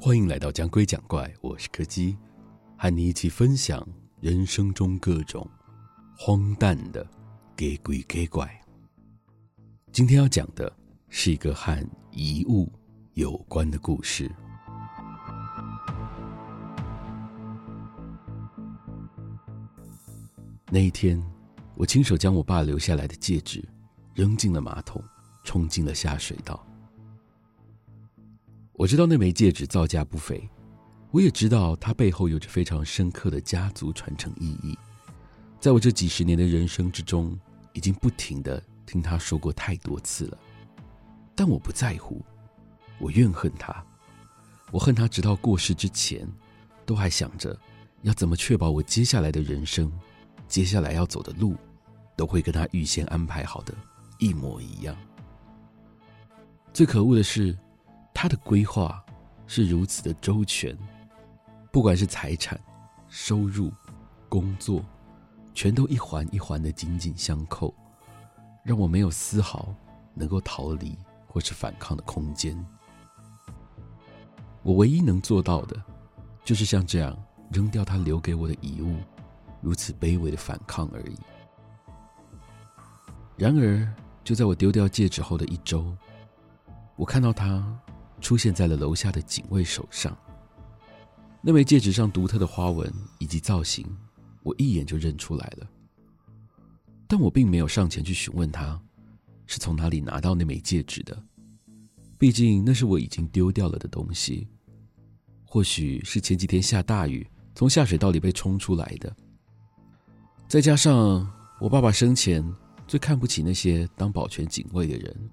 歡迎來到《講鬼講怪》，我是柯基，和你一起分享人生中各種荒誕的假鬼假怪。今天要講的是一個和遺物有關的故事。那一天，我親手將我爸留下來的戒指扔進了馬桶。沖進了下水道。我知道那枚戒指造價不菲，我也知道它背後有着非常深刻的家族傳承意義。在我這幾十年的人生之中，已經不停的聽他說過太多次了。但我不在乎，我怨恨他，我恨他直到過世之前，都還想着要怎麼確保我接下來的人生，接下來要走的路，都會跟他預先安排好的一模一樣。最可惡的是，他的規劃是如此的周全，不管是財產、收入、工作，全都一環一環的緊緊相扣，讓我沒有絲毫能夠逃離或是反抗的空間。我唯一能做到的，就是像這樣扔掉他留給我的遺物，如此卑微的反抗而已。然而，就在我丟掉戒指後的一周，我看到他出現在了樓下的警衛手上。那枚戒指上獨特的花紋以及造型，我一眼就認出來了。但我並沒有上前去詢問他是從哪裡拿到那枚戒指的，畢竟那是我已經丟掉了的東西。或許是前幾天下大雨，從下水道裡被沖出來的。再加上我爸爸生前最看不起那些當保全警衛的人。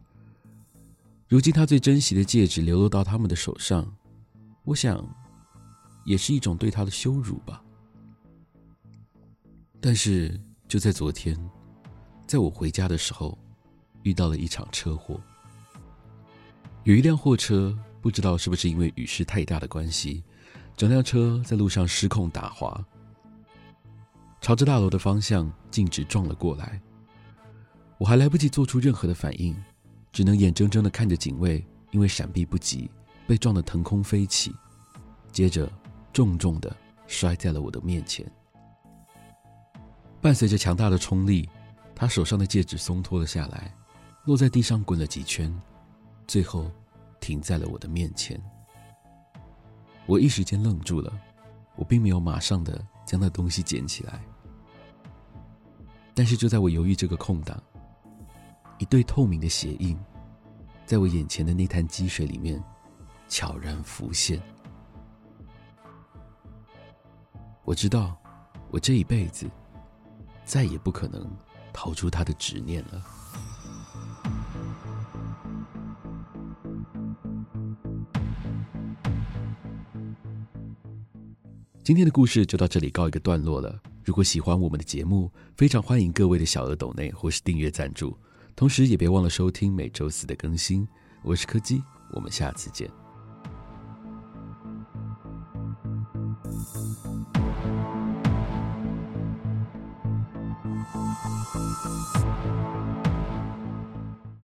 如今，他最珍惜的戒指流落到他們的手上，我想，也是一種對他的羞辱吧。但是，就在昨天，在我回家的時候，遇到了一場車禍。有一輛貨車，不知道是不是因為雨勢太大的關係，整輛車在路上失控打滑，朝着大樓的方向徑直撞了過來。我還來不及做出任何的反應。只能眼睜睜的看着警衛因為閃避不及，被撞得騰空飛起，接着重重的摔在了我的面前。伴隨着強大的衝力，他手上的戒指鬆脫了下來，落在地上滾了幾圈，最後停在了我的面前。我一時間愣住了，我並沒有馬上的將那東西撿起來。但是就在我猶豫這個空檔，一對透明的鞋印，在我眼前的那灘積水裡面悄然浮現。我知道，我這一輩子再也不可能逃出他的執念了。今天的故事就到這裡告一個段落了。如果喜歡我們的節目，非常歡迎各位的小額抖內或是訂閱贊助。同時，也別忘了收聽每周四的更新。我是柯基，我們下次見。